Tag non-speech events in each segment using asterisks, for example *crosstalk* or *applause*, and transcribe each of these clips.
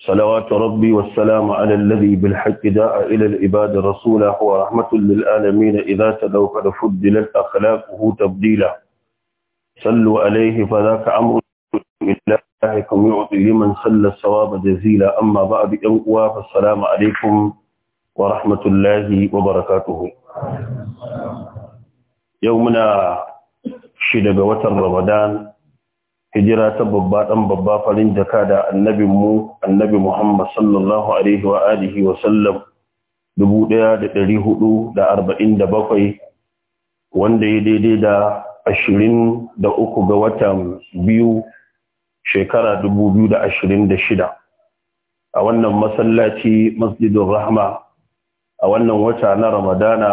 صلوات ربي والسلام على الذي بالحق داء إلى العباد رسولا هو رحمة للآلمين إذا تدوا قد فدلت أخلاقه تبديلا صلوا عليه فذاك أمر الله كم يعطي لمن صلى الصواب جزيلا أما بعد أنقوا فالسلام عليكم ورحمة الله وبركاته يومنا شدق وتر رمضان hijira ta babba dan babba farin jaka da annabin mu annabi Muhammad sallallahu alaihi wa alihi wa sallam 1447 wanda ya daidai da 23 ga watan biyu shekara 2026 a wannan masallaci masjidin rahama a wannan wata na ramadana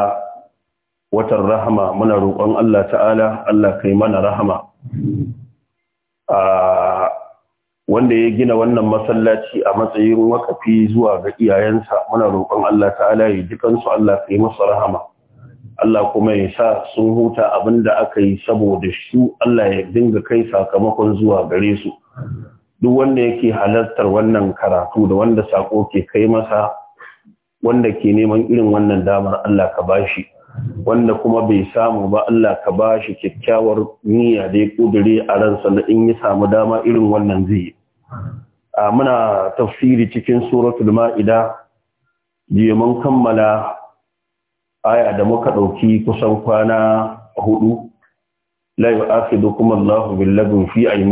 watan rahama muna roƙon Allah ta'ala Allah kai mana rahama wanda ya gina wannan masallaci a matsayin wakafi zuwa ga iyayensa muna roƙon Allah ta'ala ya dukan su Allah ka yi masa rahama Allah kuma ya sa sun huta abinda aka yi saboda su Allah ya dinga kai sakamakon zuwa gare su duk wanda yake halartar wannan karatu da wanda sako ke kai masa wanda ke neman irin wannan damar Allah ka bashi wanda kuma bai samu ba Allah ka ba shi kyakkyawar niyya da ya kudure a ransa na in ya samu dama irin wannan zai yi. Muna tafsiri cikin suratul ma'ida, jiya mun kammala aya da muka ɗauki kusan kwana hudu, la yi akidu kuma Allah billabin fi A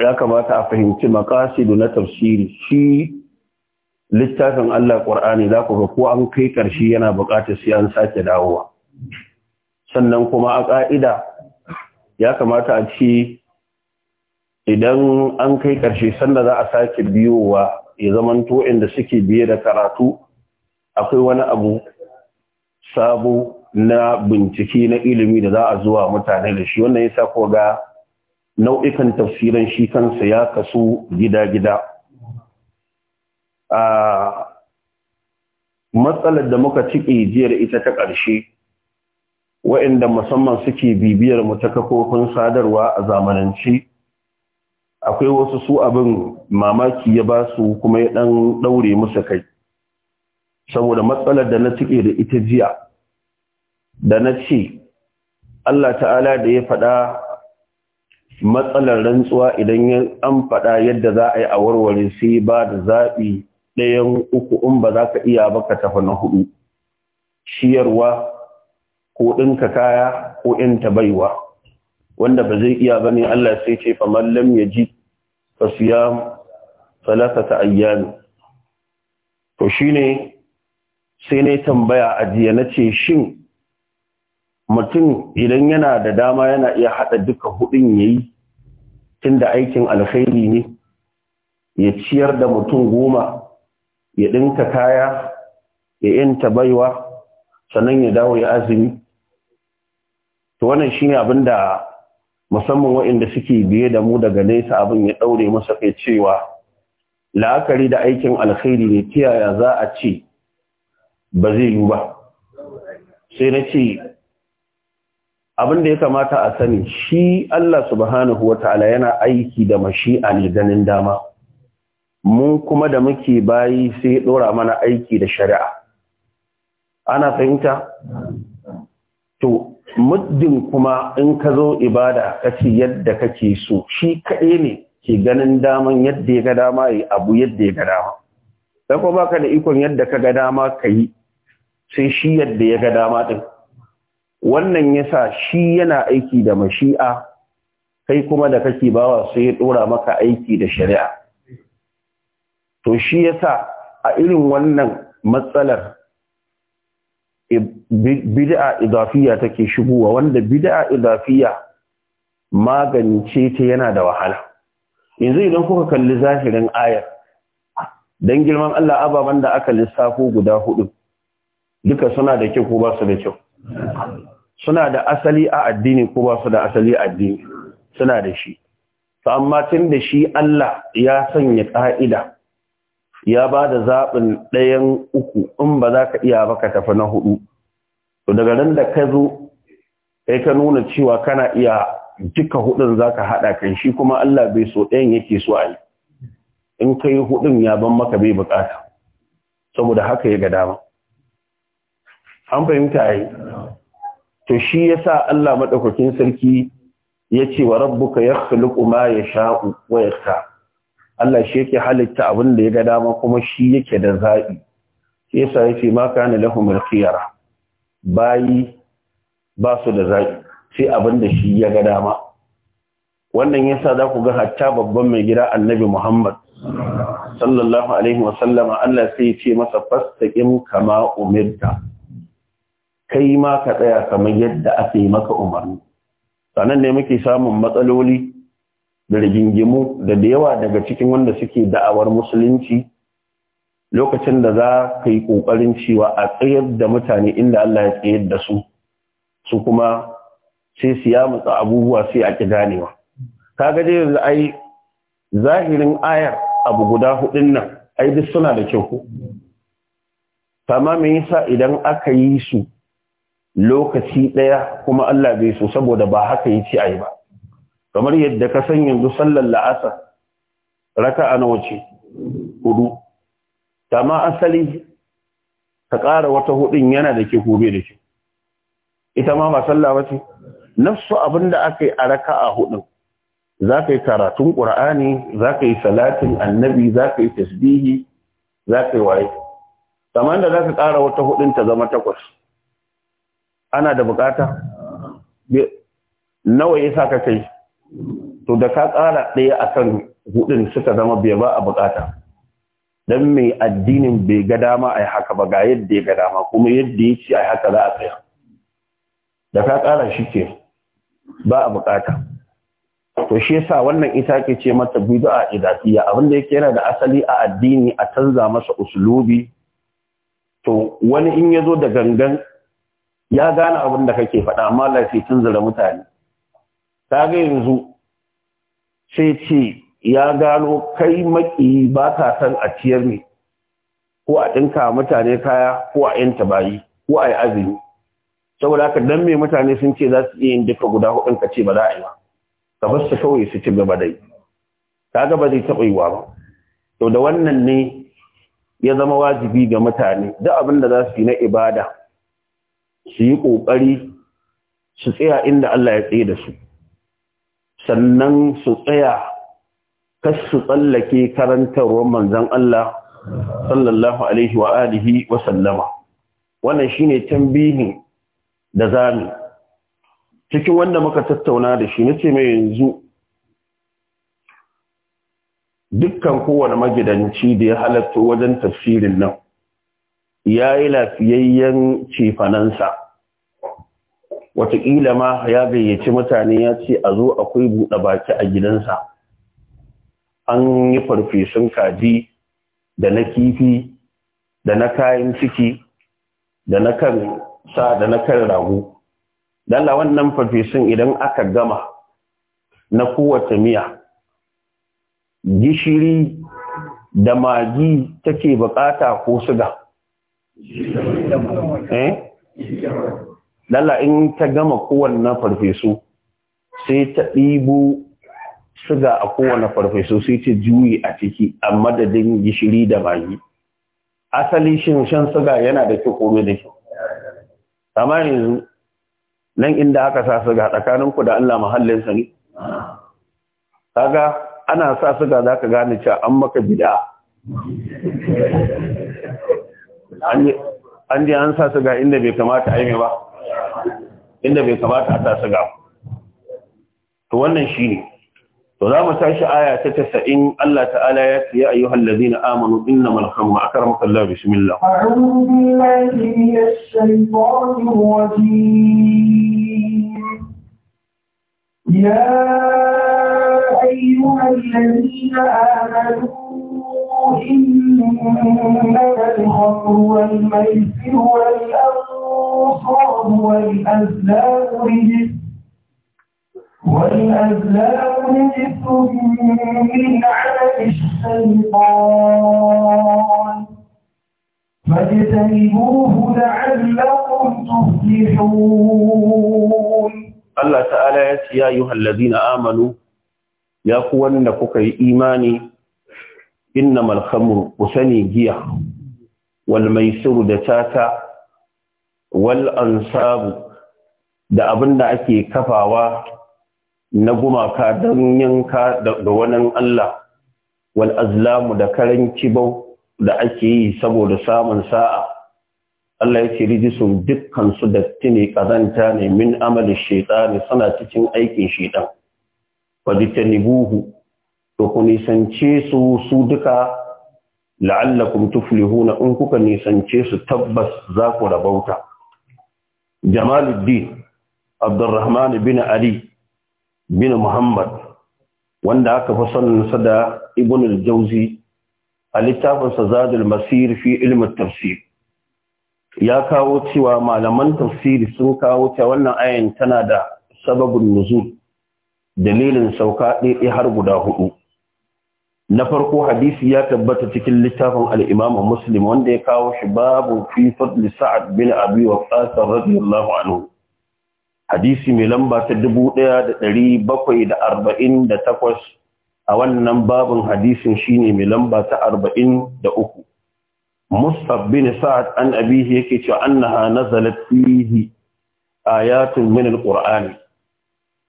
Ya kamata a fahimci makasidu na tafsiri, shi littafin Allah ƙwar'ani za ku ga ko an kai ƙarshe yana buƙatar sai an sake dawowa sannan kuma a ƙa'ida ya kamata a ce idan an kai ƙarshe sanda za a sake biyowa ya zamanto inda suke biye da karatu akwai wani abu sabo na bincike na ilimi da za a zuwa mutane da shi wannan yasa ko ga nau'ikan tafsiran shi kansa ya kasu gida-gida matsalar da muka ciki jiyar ita ta ƙarshe wa'inda musamman suke bibiyar mu ta kafofin sadarwa a zamanance akwai wasu su abin mamaki ya ba su kuma ya ɗan ɗaure musu kai saboda matsalar da na cike da ita jiya da na ce Allah ta'ala da ya faɗa matsalar rantsuwa idan an faɗa yadda za a yi a warware sai ba da zaɓi ɗayan uku in ba za ka iya ba ka tafi na hudu shiyarwa ko ɗinka kaya ko ta baiwa wanda ba zai iya ba ne Allah sai ce fa mallam ya ji fa siyam ta ayyami to shine sai ne tambaya a jiya na ce shin mutum idan yana da dama yana iya haɗa duka hudun ya yi tun aikin alkhairi ne ya ciyar da mutum goma ya ɗinka kaya ya inta baiwa sannan ya dawo ya azumi to wannan shine abin da musamman waɗanda suke biye da mu daga nesa abin ya ɗaure masa kai cewa la'akari da aikin alkhairi ne ta yaya za a ce ba zai yi ba sai na ce abin da ya kamata a sani shi Allah subhanahu wa ta'ala yana aiki da mashi'a ne ganin dama mu kuma da muke bayi sai ɗora mana aiki da shari'a ana fahimta to muddin kuma in ka zo ibada kace yadda kake so shi kaɗai ne ke ganin daman yadda ya ga dama yi abu yadda ya ga dama dan ko baka da ikon yadda ka ga dama ka yi sai shi yadda ya ga dama ɗin. wannan yasa shi yana aiki da mashi'a kai kuma da kake bawa sai ya ɗora maka aiki da shari'a to shi yasa a irin wannan matsalar bid'a idafiya take shigowa wanda bid'a idafiya magance ta yana da wahala yanzu idan kuka kalli zahirin ayar dan girman Allah ababan da aka lissafo guda hudu duka suna da kyau ko ba su da kyau suna da asali a addini ko ba su da asali a addini suna da shi to amma tun da shi Allah ya sanya ka'ida ya ba da zaɓin ɗayan uku in ba za ka iya ba ka tafi na hudu to daga nan da ka zo kai ka nuna cewa kana iya duka hudun za ka haɗa kan shi kuma Allah bai so ɗayan yake so a yi in ka yi hudun ya ban maka bai bukata saboda haka ya ga dama an fahimta ya yi to shi ya sa Allah maɗaukakin sarki ya ce wa rabbuka ya khaliƙu ma ya sha'u wa ya Allah shi yake halitta abin da ya ga dama kuma shi yake da zaɓi shi yasa yake ma kana lahu mulkiyara. bayi ba su da zaɓi sai abin da shi ya ga dama wannan yasa za ku ga hatta babban mai gida Annabi Muhammad sallallahu alaihi wa sallama Allah sai ya ce masa fastaqim kama umirta kai ma ka tsaya kamar yadda aka yi maka umarni sanan ne muke samun matsaloli da rigingimu da da yawa daga cikin wanda suke da'awar musulunci lokacin da za ka yi ƙoƙarin cewa a tsayar da mutane inda Allah ya tsayar da su su kuma sai su ya mutsa abubuwa sai a ki ganewa ka ga dai yanzu ai zahirin ayar abu guda hudun nan ai duk suna da kyau ko amma me yasa idan aka yi su lokaci ɗaya kuma Allah bai so saboda ba haka yace ci ayi ba kamar yadda ka san yanzu sallar la'asa raka'a nawa ce hudu ma asali ka ƙara wata hudun yana da ke gobe da ke ita ma ba sallah ba ce nafsu abinda aka yi a raka a hudun za ka yi karatun ƙur'ani za ka yi salatin annabi za ka yi tasbihi za ka yi waye kamar da za ka ƙara wata hudun ta zama takwas ana da bukata nawa ya sa ka kai to da ka ƙara ɗaya akan kan hudun suka zama bai ba a bukata don mai addinin bai ga dama a haka ba ga yadda ya ga dama kuma yadda ya ce a haka za a tsaya da ka ƙara shi ke ba a bukata to shi yasa wannan ita ke ce mata a idatiya abinda yake yana da asali a addini a canza masa uslubi to wani in ya zo da gangan ya gane abin da kake faɗa amma tun canza mutane ta ga yanzu sai ce ya gano kai maki ba ka san a ciyar ne ko a ɗinka mutane kaya ko a yanta bayi ko a yi azumi saboda haka dan mai mutane sun ce za su iya yin duka guda hudun ka ce ba za a yi ba ka bar su kawai su ci gaba dai kaga ba zai taɓa yiwa ba to da wannan ne ya zama wajibi ga mutane da abin da za su yi na ibada su yi ƙoƙari su tsaya inda Allah ya tsaye da su sannan su tsaya kas su tsallake karantarwar manzan Allah sallallahu alaihi wa alihi wa sallama wannan shine tambihin da zami cikin wanda muka tattauna da shi nace mai yanzu dukkan kowane magidanci da ya halatta wajen tafsirin nan Ya yi lafiyayyen cefanansa watakila ma ya gayyaci mutane ya ce a zo akwai buɗe baki a gidansa an yi farfesun kaji da na kifi da na kayan ciki da na kan sa da na kan rago dalla wannan farfesun idan aka gama na kowace miya gishiri da magi take bukata ko suga eh? lalla in ta gama kowanne farfesu sai ta ɗibo suga a kowanne farfesu sai ta juyi a ciki a madadin gishiri da magi asali shin shan suga yana da kyau ko da kyau amma yanzu nan inda aka sa suga tsakaninku da Allah mahallinsa ne kaga ana sa suga za ka gane cewa an maka bida an je an sa suga inda bai kamata a yi ba inda bai kamata a tasa ga to wannan shi ne. to za mu tashi aya ta in Allah ta'ala ya ce ya ayyuhal ladina amanu innamal khamru akramukum Allah bismillah a'udhu billahi minash shaitanir rajim ya ayyuhal ladina amanu إنما الخمر والميسر والأنصاب والأزلام رجس والأزلام رجس من عمل الشيطان فاجتنبوه لعلكم تفلحون الله تعالى يا أيها الذين آمنوا يا أخوان لكم innamal khamru usani giya wal maisiru da tata wal ansabu da abinda ake kafawa na gumaka don yanka da wani Allah wal azlamu da karanci kibau da ake yi saboda samun sa'a Allah ya ce rijisun dukkan su datti ne ne min amalin shaiɗani suna cikin aikin shaitan wadda ta nibuhu to ku nisance su su duka la'allakum tuflihuna in kuka nisance su tabbas za ku rabauta Jamaluddin Abdurrahman bin Ali bin Muhammad wanda aka fi sa da Ibn al jawzi a littafinsa Zadul Masir fi ilmin tafsir ya kawo cewa malaman tafsiri sun kawo cewa wannan ayan tana da sababin nuzul dalilin sauka ɗaya har guda hudu na farko hadisi ya tabbata cikin littafin al-Imam Muslim wanda ya kawo shi babu fi fadli Sa'ad bin Abi Waqqas radiyallahu anhu hadisi mai lamba ta 1748 a wannan babun hadisin shine mai lamba ta 43 Mus'ab bin Sa'ad an abihi yake cewa annaha nazalat fihi ayatun min al-Qur'ani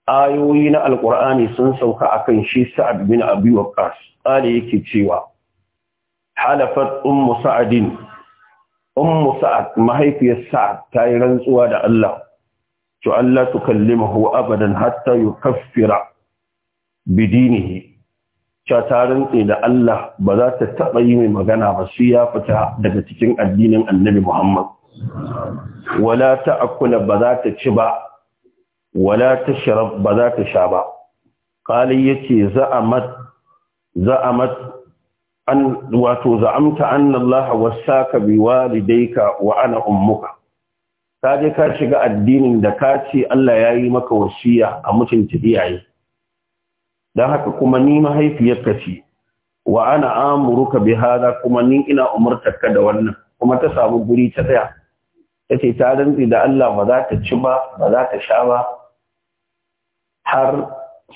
ayoyi na alkur'ani sun sauka akan shi sa'ad bin abi waqqas qala yake cewa halafat ummu sa'adin ummu sa'ad mahaifiyar sa'ad ta yi rantsuwa da Allah to Allah tukallimahu abadan hatta yukaffira bidinihi cewa ta rantse da Allah ba za ta taɓa yi mai magana ba su ya fita daga cikin addinin annabi Muhammad. Wala ta akula ba za ta ci ba wala tashrab ba za ta sha ba qali yace za'amat za'amat an wato za'amta anna Allah wasaka bi walidayka wa ana ummuka ka je ka shiga addinin da ka ce Allah ya yi maka wasiya a mutunta iyaye dan haka kuma ni mahaifiyarka ce wa ana amuruka bi hada kuma ni ina umurtarka da wannan kuma ta samu guri ta tsaya tace ce ta rantsi da Allah ba za ta ci ba ba za ta sha ba har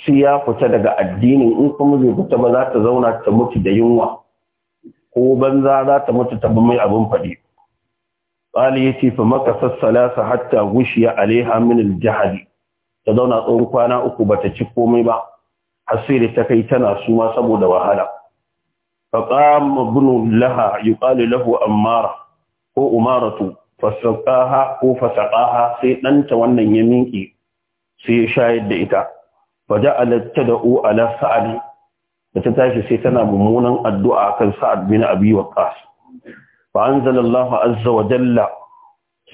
su ya fita daga addinin in kuma zai fita ba za ta zauna ta mutu da yunwa ko banza za ta mutu ta bi mai abin faɗi ƙali ya ce fa maka sassala hatta gushiya alaiha min aljahali ta zauna tsawon kwana uku ba ta ci komai ba har da ta kai tana suma saboda wahala fa qama ibnu laha yuqalu lahu ammara ko umaratu fasaqaha ko fasaqaha sai ɗanta wannan ya minki sai ya shayar da ita faja alatta da u ala Sa'ad da ta tashi sai tana mummunan addu'a kan sa'ad bin abi waqas fa anzalallahu azza wa jalla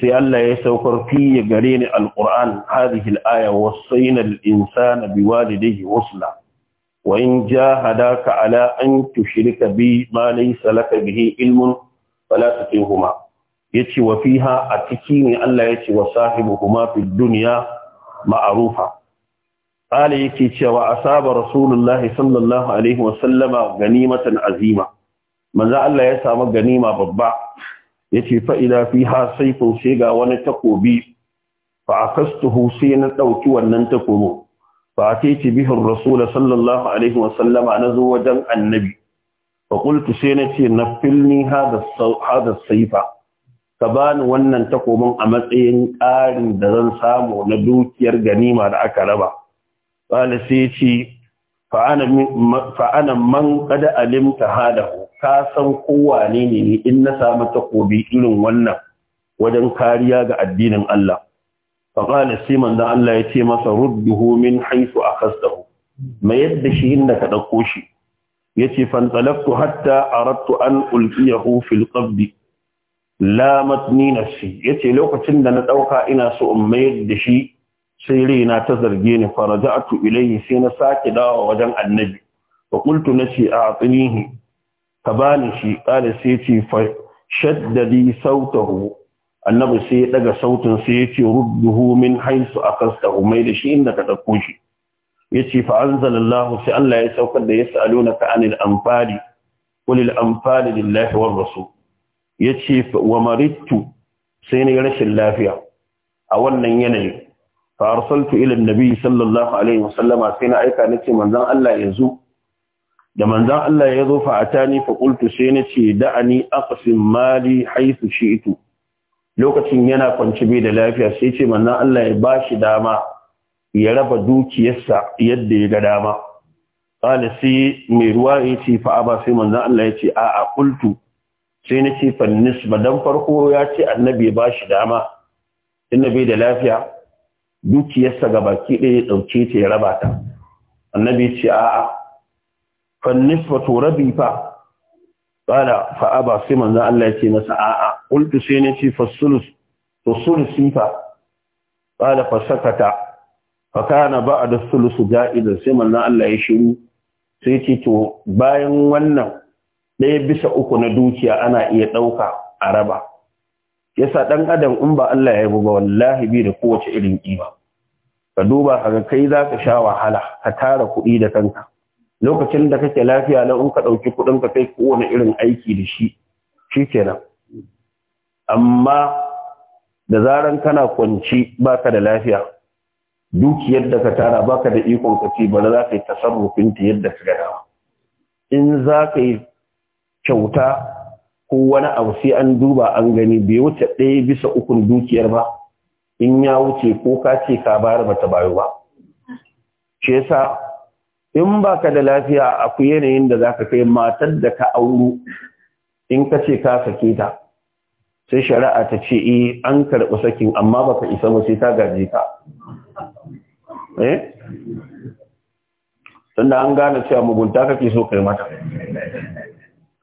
sai Allah ya saukar fiye gare ni alquran hadhihi alaya wasayna al-insana biwalidayhi wasla wa in jahadaka ala an tushrika bi ma laysa laka bihi ilmun fala tutihuma yace wa fiha a ciki ne Allah yace wa sahibuhuma fid dunya ma'arufa ƙala yake cewa a saba rasulullahi sallallahu alaihi wasallama ganimatan azima manzo Allah ya samu ganima babba yace fa ila fiha sayfun sai ga wani takobi fa akastuhu sai na ɗauki wannan takobin fa atiti bihi ar-rasul sallallahu alaihi wasallama nazo wajen annabi fa sai na ce nafilni hada hada saifa. ka bani wannan takobin a matsayin ƙarin da zan samu na dukiyar ganima da aka raba qala sai ce fa'ana man kada alimta hadahu ka san kowa ne ne in na samu takobi irin wannan wajen kariya ga addinin Allah faƙalar siman zan Allah ya ce masa rudduhu min haisu a kastahu mai yadda shi inda ka ɗauko shi ya ce fantalaftu hatta a an ulkiyahu fil ƙabdi lamat ni nafsi yace lokacin da na dauka ina so in mayar da shi sai raina ta zarge ni faraja'tu ilayhi sai na sake dawo wajen annabi fa qultu nashi a'tinihi ka bani shi qala sai yace fa shaddadi sautahu annabi sai ya daga sautin sai yace rudduhu min haythu akastahu mai da shi inda ka dauko shi yace fa anzalallahu sai Allah ya saukar da yasalunaka anil anfali qulil anfali lillahi war rasul ya ce wa marittu sai ne rashin lafiya a wannan yanayi fa arsaltu ila annabi sallallahu alaihi wasallama sai na aika nace manzon Allah yanzu da manzon Allah ya zo fa atani fa qultu sai nace da'ani aqsim mali haythu shi'tu lokacin yana kwance bai da lafiya sai ce manzon Allah ya bashi dama ya raba dukiyarsa yadda ya ga dama qala sai mai ruwa yace fa aba sai manzon Allah yace a'a qultu sai na ce fannis ba dan farko ya ce annabi ba shi dama inda da lafiya dukiyarsa ga baki ɗaya ya ɗauke ta ya raba ta annabi ce a'a fannis ba to rabi fa bada fa'a ba sai manzan Allah ya ce masa a'a ultu sai na ce fasulus to sulusi fa bada fasakata fa kana da sulusu ja'ida sai manzan Allah ya shiru sai ce to bayan wannan ɗaya bisa uku na dukiya ana iya ɗauka a raba yasa ɗan adam in ba Allah ya yi ba wallahi bi da kowace irin ƙima ka duba kaga kai za ka sha wahala ka tara kuɗi da kanka lokacin da kake lafiya na in ka ɗauki kuɗin ka kai kowane irin aiki da shi shi kenan amma da zaran kana kwanci baka da lafiya dukiyar da ka tara baka da ikon ka ci ba za ka yi ta yadda ka gada. in za ka yi kyauta ko wani abu sai an duba an gani bai wuce ɗaya bisa ukun dukiyar ba in ya wuce ko ka ce ka bayar bata bayo ba shi sa in ba ka da lafiya akwai yanayin da za ka kai matar da ka auru in ka ce ka sake ta sai shari'a ta ce e an karɓi sakin amma baka isa ba sai ta gaje ka eh an gane cewa mugunta kake so kai mata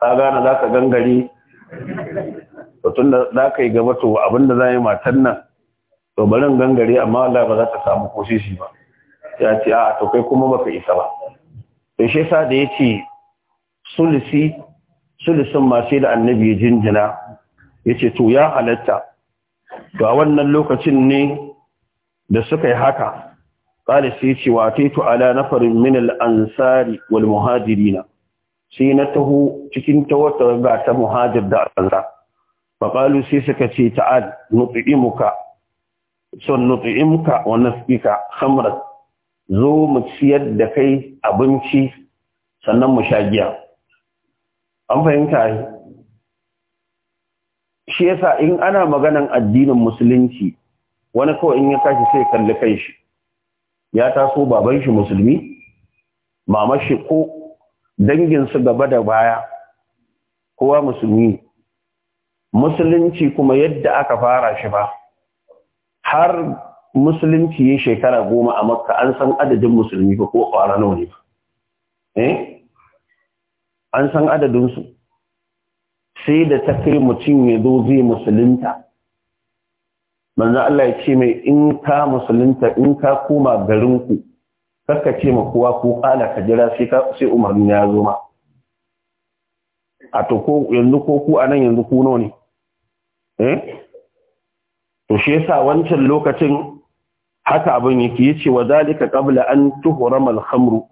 ka gane za ka gangare tun da za ka yi gaba to abinda za yi matan nan to barin gangare amma Allah ba za ta samu ko shi ba ya ce a to kai kuma baka isa ba to shi sa da yace sulisi sulisin ma sai da annabi ya jinjina yace to ya halatta to a wannan lokacin ne da suka yi haka qala sai wa taitu ala nafarin min ansari wal muhajirina sai na taho cikin wata ga ta muhajir da azra faƙalu sai suka ce ta'ad nuti'imuka son nuti'imuka wa nasqika khamra zo mu ciyar da kai abinci sannan mu sha giya an fahimta shi yasa in ana maganan addinin musulunci wani kawai in ya kashi sai kalli kai shi ya taso baban shi musulmi Mamashi ko danginsu gaba da baya kowa musulmi musulunci kuma yadda aka fara shi ba har musulunci ya shekara goma a makka an san adadin musulmi ba ko kwara nawa ne ba eh an san adadinsu sai da ta kai mutum ya zo zai musulunta manzo Allah ya ce mai in ka musulunta in ka koma garinku karka ce ma kowa ko kala ka jira sai umarni ya zo ma a to ko yanzu ko ku anan yanzu ku nawa ne eh to shi yasa wancan lokacin haka abin yake yace wa zalika qabla an tuhrama al-khamru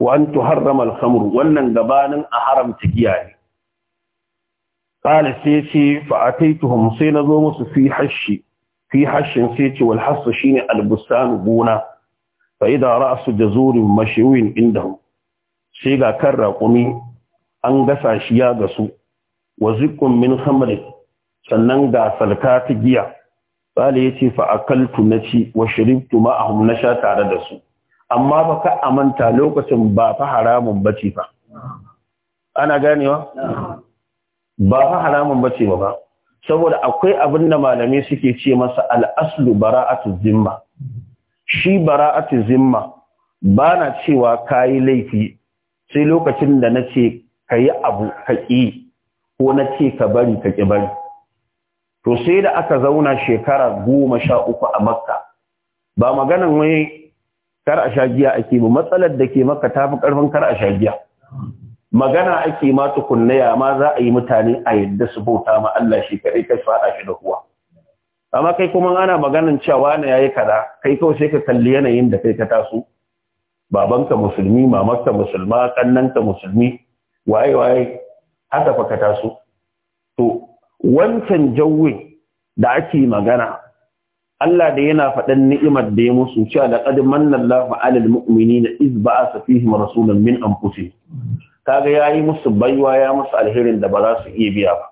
wa an tuharrama al-khamru wannan gabanin a haramta giya ne qala sai ce fa ataituhum sai nazo musu fi hashi fi hashin sai ce wal hasu shine al-bustan gona ra'asu da zurin jazurin inda indahu sai ga kan raƙumi an gasa shi ya gasu wa zikkun min sannan ga salka ta giya ya ce fa akaltu naci wa shiribtu ma'ahum tare da su amma ba ka amanta lokacin ba fa haramun bace fa ana ganewa ba fa haramun ba saboda akwai abin da malamai suke ce masa al-aslu bara'atu zimma shi bara'atu zimma ba na cewa ka yi laifi sai lokacin da na ce ka yi abu ka ko na ce ka bari ka ƙi bari to sai da aka zauna shekara goma sha uku a makka ba maganan wani kar a sha giya ake ba matsalar da ke maka ta fi ƙarfin kar a sha giya magana ake ma tukunnaya, ya ma za a yi mutane a yadda su bauta ma Allah shi kaɗai ka faɗa shi da kuwa amma kai kuma ana maganin cewa na yayi kaza kai kawai sai ka kalli yanayin da kai ka taso babanka musulmi mamarka musulma kannanka musulmi waye waye haka fa ka taso to wancan jawwe da ake magana Allah da yana faɗan ni'imar da ya musu cewa da qad manna 'alal mu'minina iz ba'atha fihim rasulan min anfusihim kaga yayi musu baiwa ya musu alherin da ba za su iya biya ba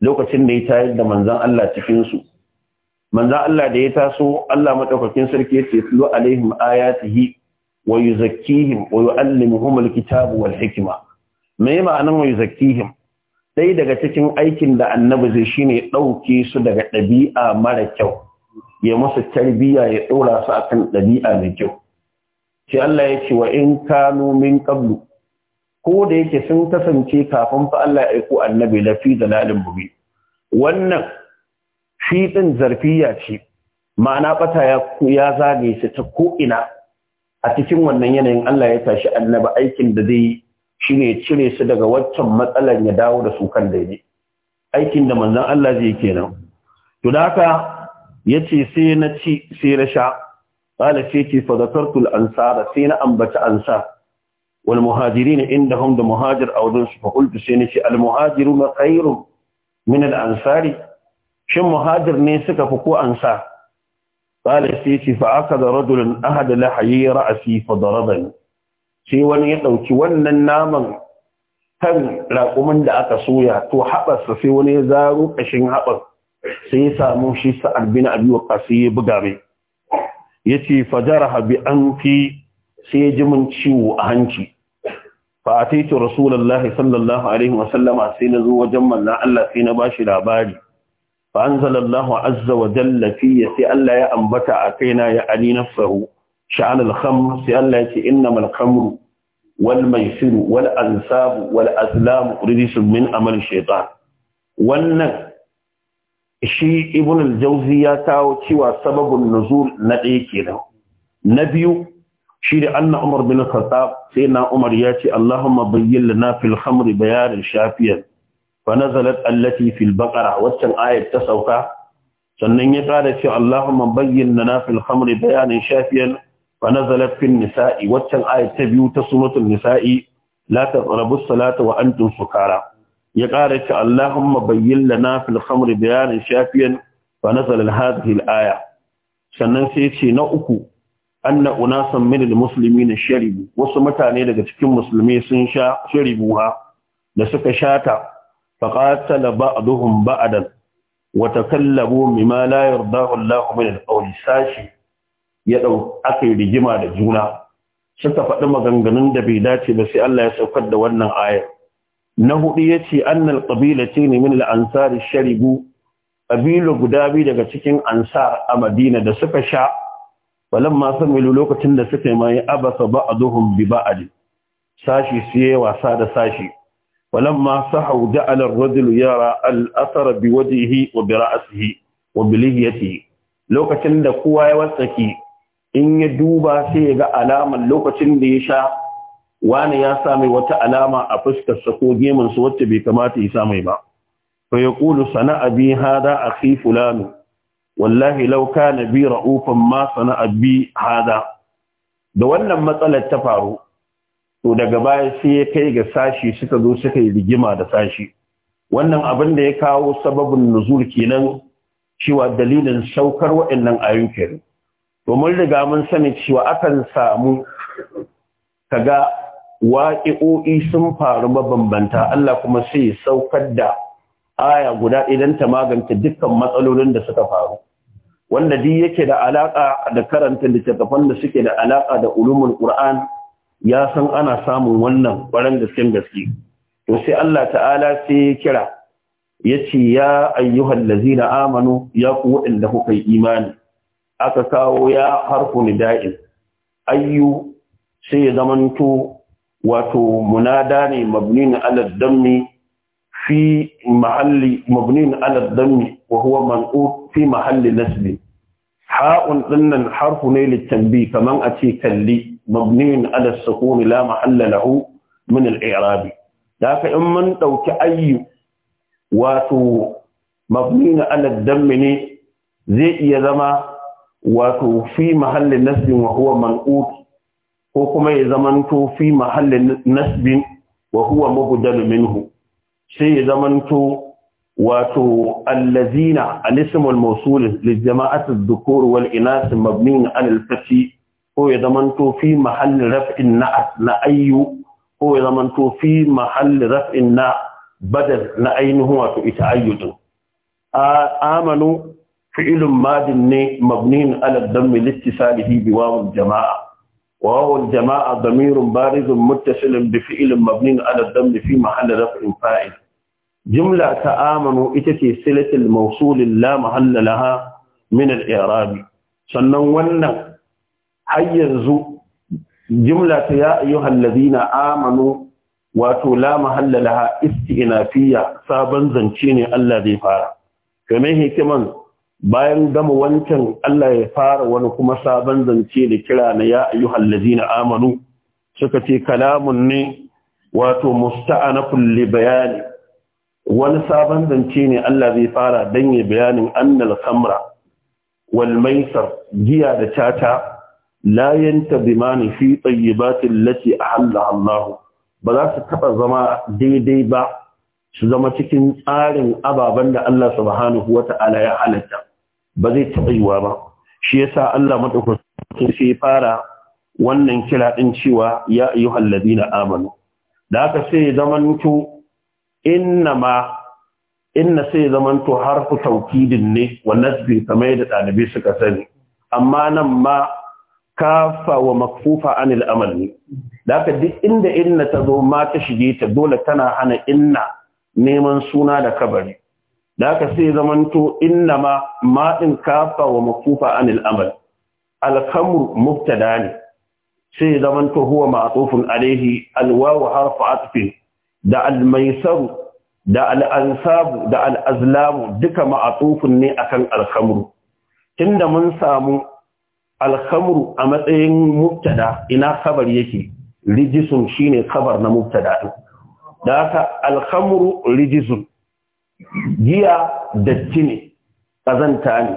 lokacin da ya tayar da manzon Allah cikin su manzo Allah da ya taso Allah madaukakin sarki yace tulu alaihim ayatihi wa yuzakkihim wa yuallimuhum alkitaba wal hikma me ma'anan wa yuzakkihim dai daga cikin aikin da annabi zai shine dauke su daga dabi'a mara kyau ya musu tarbiyya ya dora su akan dabi'a mai kyau shi Allah yace wa in kanu min qablu ko da yake sun kasance kafin fa Allah ya aiko annabi lafi dalalin mubi wannan shi ɗin zarfiya ce ma'ana ɓata ya zage shi ta ko'ina a cikin wannan yanayin Allah ya tashi annaba aikin da zai yi shi ne cire su daga waccan matsalar ya dawo da su kan daidai aikin da manzon Allah zai kenan to da haka yace sai na ci sai na sha qala sai ki fa zakartul sai na ambata ansar wal inda hum da muhajir a wajen su fa kultu sai na ce al na kairun? min al ansari shin muhajir ne suka fi ko ansa qala sai ce fa akada rajulun ahad lahayi ra'si fa darabani sai wani ya ɗauki wannan naman kan raƙumin da aka soya to haɓarsa sai wani ya zaro ƙashin haɓar sai ya samu shi sa'ar bin abi waqas ya buga mai ce fa bi anfi sai ji mun ciwo a hanci fa ataitu Rasulallah sallallahu alaihi wasallama sai na zo wajen manzon Allah sai na bashi labari فأنزل الله عز وجل في سألا يا أنبتا أكينا يا ألي نفسه شعل الخمر سألا إنما الخمر والميسر والأنساب والأزلام رجس من أمل الشيطان wannan shi ibn al-jawzi ya kawo cewa sababin nuzul na ɗaya kenan na biyu shi da anna umar bin khattab sai na umar ya ce allahumma bayyin lana khamri bayanin shafiyar." fa nazalat allati fil baqara waccan ayat ta sauka sannan ya ƙara cewa Allahumma bayyin lana fil khamri bayanin shafiyan fa nisa'i waccan ayat ta biyu ta suratul nisa'i la taqrabu as-salata wa ya ƙara cewa Allahumma bayyin lana fil khamri bayanin shafiyan fa nazalat hadhihi sannan sai ce na uku anna unasan min almuslimin sharibu wasu mutane daga cikin musulmi sun sha sharibuha da suka shata فقاتل بعضهم بعدا وتكلموا مما لا يرضاه الله من القول ساشي يدعو أكي da juna, suka faɗi maganganun da bai dace ba sai Allah ya saukar da wannan ayar. Na hudu ya ce, Annal ƙabila ce ne min la'ansari sharibu, ƙabilu guda biyu daga cikin ansar a Madina da suka sha, balan masu milu lokacin da suka yi mai abasa ba a zuhun bi ba a sashi su yi wasa da sashi. ولما صحوا جعل الرجل يرى الأثر بوجهه وبرأسه وبلهيته lokacin da kowa ya wasaki in ya duba sai ya ga alaman lokacin da ya sha wani ya sami wata alama a fuskarsa ko gemunsa wacce bai kamata ya sami ba fa ya kulu sana'a bi hada akhi fulanu wallahi law kana bi ra'ufan ma sana'a bi hada da wannan matsalar ta faru to daga baya sai ya kai ga sashi suka zo suka yi rigima da sashi wannan abin da ya kawo sababin nuzul kenan cewa dalilin saukar waɗannan ayyukan to mun riga mun sani cewa akan samu kaga waƙi'o'i sun faru mabambanta Allah kuma sai ya saukar da aya guda idan ta magance dukkan matsalolin da suka faru wanda duk yake da alaka da karanta littattafan da suke da alaka da ulumul qur'an ya san ana samun wannan ƙwarar gaskin gaske to sai Allah ta'ala sai ya kira ya ce ya ayyuhal lazina amanu ya ku waɗanda kuka yi imani aka kawo ya harfu nida'in ayyu sai ya zamanto wato munada ne mabnin ala dammi fi mahalli na ala dammi wa huwa man'ut fi mahalli nasbi ha'un harfu ne litanbi kaman a ce kalli مبني على السكون لا محل له من الإعراب ذاك إن من دوك أي واتو مبني على الدم زي يزما واتو في محل نسب وهو منقوط وكما يزمنتو في محل نسب وهو مبدل منه شيء يزمنتو واتو الذين الاسم الموصول للجماعة الذكور والإناث مبني على الفتي ko ya zamanto fi mahalli raf'in na na ayyu ko ya zamanto fi mahalli raf'in na badal na ainihin wato ita ayyudin amanu fi'ilun madin ne mabnin ala dammi littisalihi bi wawul jama'a wawul jama'a damirun barizun muttasilin bi fi'ilin mabnin ala dammi fi mahalli raf'in fa'il jumla ta amanu ita ce silatul mawsulin la mahalla laha min al-i'rabi sannan wannan har yanzu jimla ta ya ayyuhal ladina amanu wato la mahalla laha isti'nafiya sabon zance ne Allah zai fara kamar hikiman bayan gama wancan Allah ya fara wani kuma sabon zance da kira na ya ayyuhal ladina amanu suka ce kalamun ne wato musta'anafun li bayani wani sabon zance ne Allah zai fara dan bayanin annal khamra wal maisar giya da tata la yantabimani fi tayyibati allati ahalla Allah ba za su taba zama daidai ba su zama cikin tsarin ababen da Allah subhanahu wata'ala ya halatta ba zai taba yiwa ba shi yasa Allah madaukakin sai fara wannan kira din cewa ya ayyuhal ladina amanu da haka sai zamanto inna ma inna sai zamanto harfu taukidin ne wa nasbi kamar da ɗalibai suka sani amma nan ma kafa wa makfufa anil amal ne da haka duk inda inna ta zo ma ta shige ta dole tana hana inna neman suna da kabari da haka sai zamanto inna ma ma din kafa wa makfufa anil amal al muftada mubtada ne sai zamanto huwa ma'tufun alayhi al harfu atfin da almaisaru da al da al duka ma'tufun ne akan al tunda mun samu alhamru a matsayin mubtada ina khabar yake rijisun shine khabar na mubtada din da aka alhamru rijisun giya datti ne kazanta ne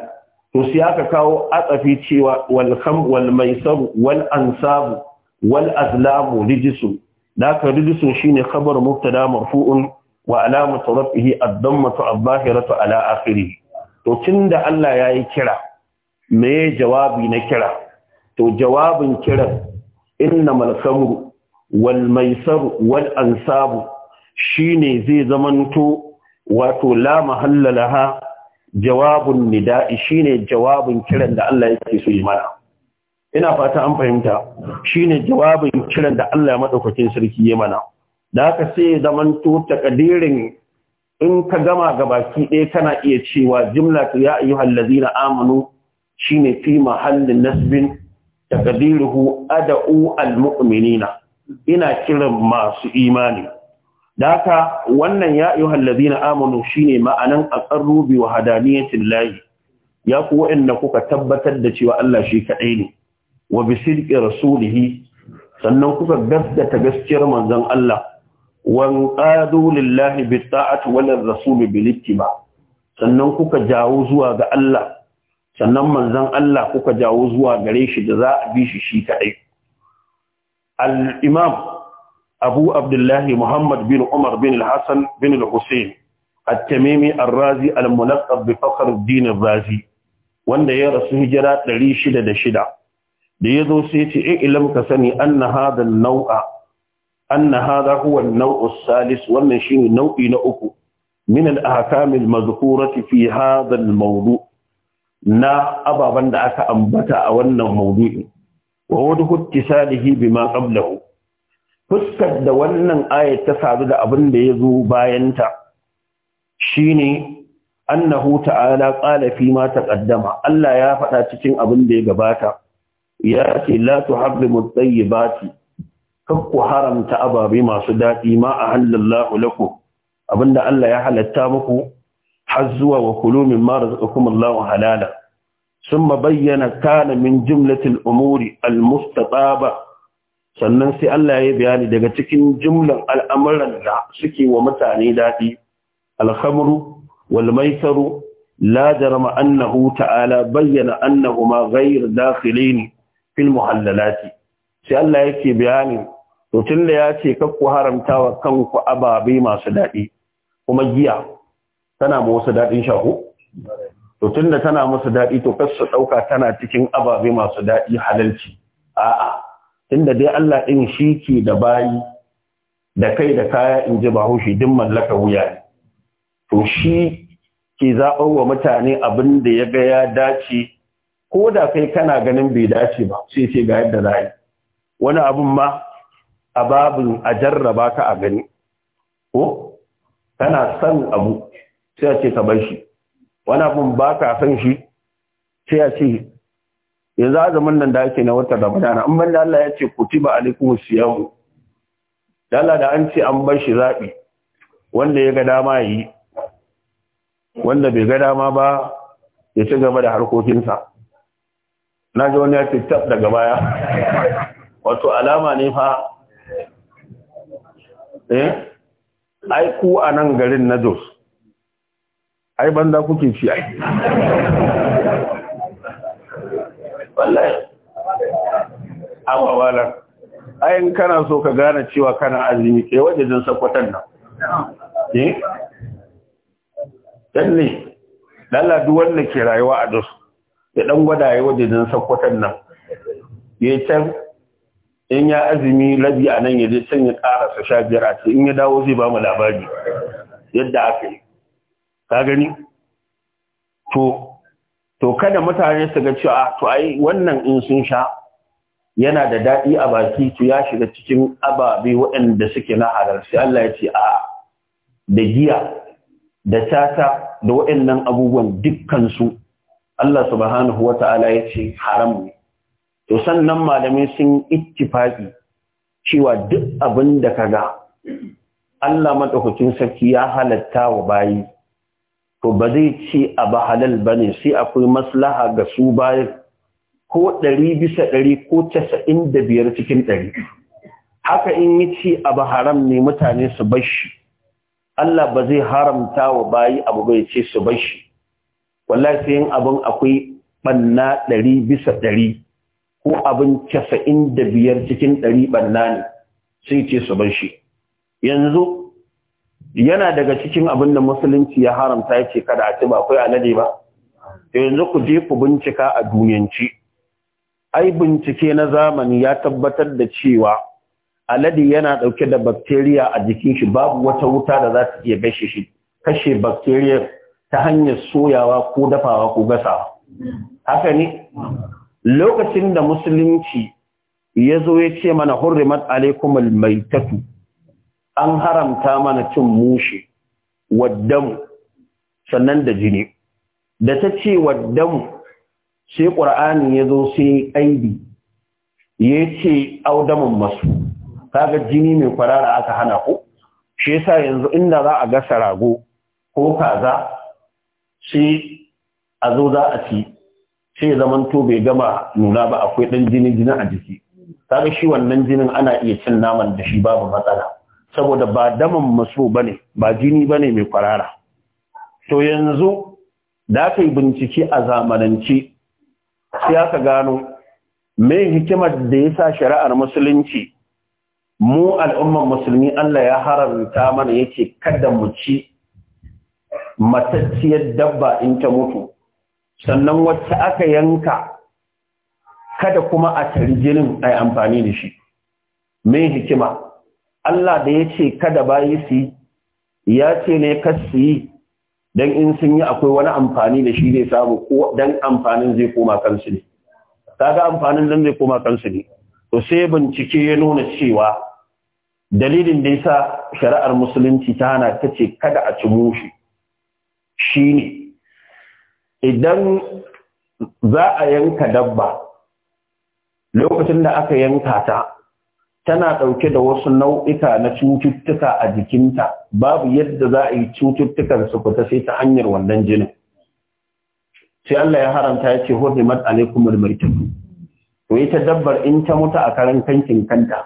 to sai aka kawo atsafi cewa wal kham wal maisar wal ansab wal azlam rijisun da aka rijisun shine khabar mubtada marfu'un wa alamatu rafihi ad-dammatu adh-dhahiratu ala akhirih to tunda Allah yayi kira me jawabi na kira to jawabin kiran mal khamru wal maisar wal ansabu shine zai zamanto wato la mahalla laha jawabun nida'i shine jawabin kiran da Allah yake so yi mana ina fata an fahimta shine jawabin kiran da Allah ya madaukakin sarki ya mana da haka sai zamanto takadirin in ka gama gabaki ɗaya kana iya cewa jimla ya ayyuhal ladina amanu shine fi mahallin nasbin taqdiruhu al almu'minina ina kiran masu imani daka wannan ya ayyuhal ladina amanu shine ma'anan aqarru bi wahdaniyatil ya ku wa'anda kuka tabbatar da cewa Allah shi kadai ne wa bi sidqi rasulihi sannan kuka gaskata gaskiyar manzon Allah wan qadu lillahi bi ta'ati wal rasul bil ittiba sannan kuka jawo zuwa ga Allah sannan manzon Allah kuka jawo zuwa gare shi da za a bi shi shi kadai al abu abdullahi muhammad bin umar bin al-hasan bin hussein husayn at-tamimi ar-razi al-munaqqab bi fakhr ad razi wanda ya rasu hijira 606 da zo sai ce in eh, ilam ka sani anna hadha an-naw'a anna huwa an salis wannan shine nau'i na uku min al-ahkam fi hadha al na ababen da aka ambata a wannan maudu'in wa wadu ittisalihi bima qablahu fuskar da wannan ayat ta sadu da abin da yazo bayan ta shine annahu ta'ala qala fi ma taqaddama Allah ya faɗa cikin abin da ya gabata ya ce la tuharrimu at-tayyibati kakku haramta ababe masu daɗi ma a halallahu lakum abinda Allah ya halatta muku har zuwa wa kulu min ma razaqakum halala sun bayyana kana min umuri al sannan sai Allah ya bayani daga cikin jumlan al'amuran da suke wa mutane daɗi, alhamru, khamru wal ma'annahu ta'ala bayyana annahu ta'ala bayyana annahuma ne fil muhallalati sai Allah yake bayani to da ya ce kakku haramtawa kanku ababe masu daɗi, kuma giya tana ma wasu daɗin shaku? To tun da tana musu daɗi to kas su ɗauka tana cikin ababe masu daɗi halalci. A'a, tun da dai Allah ɗin shi ke da bayi da kai da kaya in ji bahaushe duk mallaka wuya ne. To shi ke zaɓar wa mutane abin da ya ga ya dace ko da kai kana ganin bai dace ba sai ce ga yadda za yi. Wani abin ma a a jarraba ka a gani. Ko? Kana son abu sai a ce ka bar shi wani abin ba ka san shi sai a ce yanzu azumin nan da ake na watan ramadana bar da Allah ya ce kutiba alaikum siyamu da Allah da an ce an bar shi zaɓi. wanda ya ga dama yi wanda bai ga dama ba ya ci gaba da harkokinsa na ji wani ya ce tab daga baya wato alama ne fa eh ai ku a nan garin na Jos ai banda kuke ci ai wallahi awawala ai in kana so ka gane cewa kana azumi waje eh, wajejin sakwatan nan eh dan ne lalla duk wanda ke rayuwa a dusu ya dan gwada ya wajejin sakwatan nan ya can in ya azumi labi a nan ya je can ya karasa sha biyar a ce in ya dawo zai ba mu labari yadda aka yi ka gani to to kada mutane su ga cewa to ai wannan in sun sha yana da daɗi a baki to ya shiga cikin ababe waɗanda suke na halar sai Allah ya ce a da giya da tata da waɗannan abubuwan dukkansu Allah subhanahu wata'ala ya ce haram ne to sannan malamai sun ittifaki cewa duk abin da kaga Allah madaukakin sarki ya halatta wa bayi to ba zai a ba halal ba ne sai akwai maslaha ga su bayan ko ɗari bisa ɗari ko casa'in da biyar cikin ɗari haka in yi ci abu haram ne mutane su bashi Allah ba zai haramta wa bayi abu bai ce su bashi wallahi sai yin abin akwai ɓanna ɗari bisa ɗari ko abin casa'in da biyar cikin ɗari ɓanna ne sai ce su bashi yanzu yana daga cikin abin da musulunci ya haramta ya ce kada a ci ba akwai alade ba yanzu ku je ku bincika a duniyanci ai bincike na zamani ya tabbatar da cewa alade yana dauke da bacteria a jikin shi babu wata wuta da za ta iya bashe shi kashe bacteria ta hanyar soyawa ko dafawa ko gasa. haka ne lokacin da musulunci ya zo ya ce mana hurrimat alaikumul maitatu an haramta mana cin mushe waddamu sannan da jini da ta ce waddamu sai ƙur'ani ya zo sai aibi ya ce audaman masu kaga jini mai kwarara aka hana ko shi sa yanzu inda za a gasa rago ko kaza sai a zo za a ci sai ya zaman to bai gama nuna ba akwai ɗan jini jini a jiki kaga shi wannan jinin ana iya cin naman da shi babu matsala saboda ba daman maso ne, ba jini ba ne mai kwarara to yanzu da aka yi bincike a zamanance sai aka gano mai hikimar da ya sa shari'ar musulunci mu al'ummar musulmi Allah ya haramta mana yake kada mu ci matacciyar dabba in ta mutu sannan wacce aka yanka kada kuma a tari jinin a amfani da shi mai hikima Allah da ya ce kada bayi su yi ya ce ne kas su yi don in sun yi akwai wani amfani da shi zai samu ko don amfanin zai koma kansu ne kaga amfanin don zai koma kansu ne to sai bincike ya nuna cewa dalilin da ya sa shari'ar musulunci ta hana ta ce kada a ci mushi ne. idan za a yanka dabba lokacin da aka yanka ta tana ɗauke da wasu nau'ika na cututtuka a jikinta babu yadda za a yi cututtukan su fita sai ta hanyar wannan jinin sai Allah ya haramta ya ce mat alaikum almaitatu to ita dabbar in ta mutu a karan kankin kanta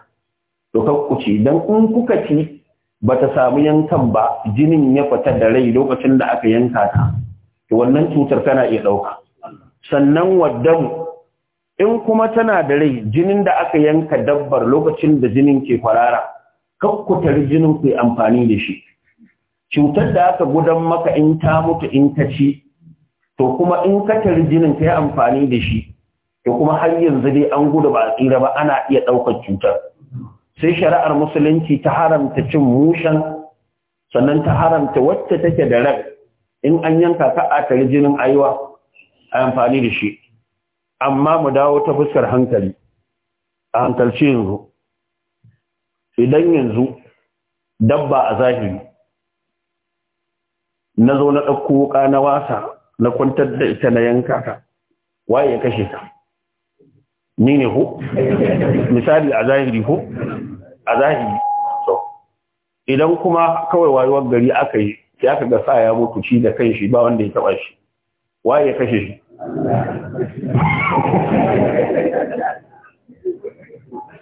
to ku ci dan in kuka ci ta samu yankan ba jinin ya fita da rai lokacin da aka yanka ta to wannan cutar kana iya ɗauka sannan waddamu in kuma tana da rai jinin da aka yanka dabbar lokacin da jinin ke kwarara tari jinin ku amfani da shi cutar da aka gudan maka in ta mutu in ka ci to kuma in ka tari jinin ka yi amfani da shi to kuma har yanzu dai an gudu ba a tsira ba ana iya ɗaukar cutar sai shari'ar musulunci ta haramta cin mushen sannan ta haramta wacce take da rai in an yanka ka a tari jinin aiwa a amfani da shi amma mu dawo ta fuskar hankali a hankalci yanzu idan yanzu dabba a zahiri na zo na ɗauko wuka na wasa na kwantar da ita na yanka ka, waye ya kashe ka? ni ne ko misali a zahiri ko a zahiri so idan kuma kawai wayewar gari aka yi sai aka ga sa ya mutu shi da kanshi ba wanda ya taba shi waye ya kashe shi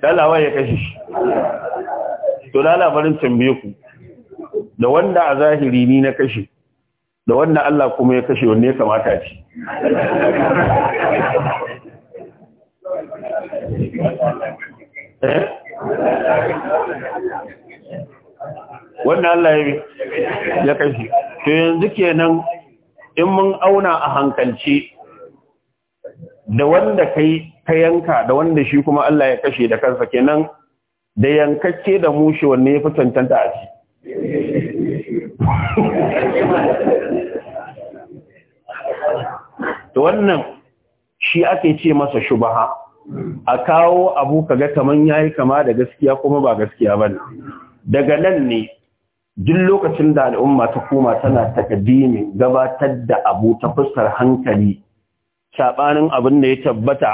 lalawa ya kashe shi to lalabarin tambaye ku da wanda a zahiri ni na kashe da wanda Allah kuma ya kashe wanne ya kamata ci eh? wannan Allah ya kashe to yanzu kenan in mun auna a hankalce da wanda kai ka yanka da wanda shi kuma Allah ya kashe da kansa kenan da yankacce da mushe wanne ya fi cancanta a ci *laughs* to wannan shi ake ce masa shubaha a kawo abu kaga kaman yayi kama da gaskiya kuma ba gaskiya bane daga nan ne duk lokacin da al'umma ta koma tana takaddimi gabatar da abu ta fuskar hankali saɓanin abin da ya tabbata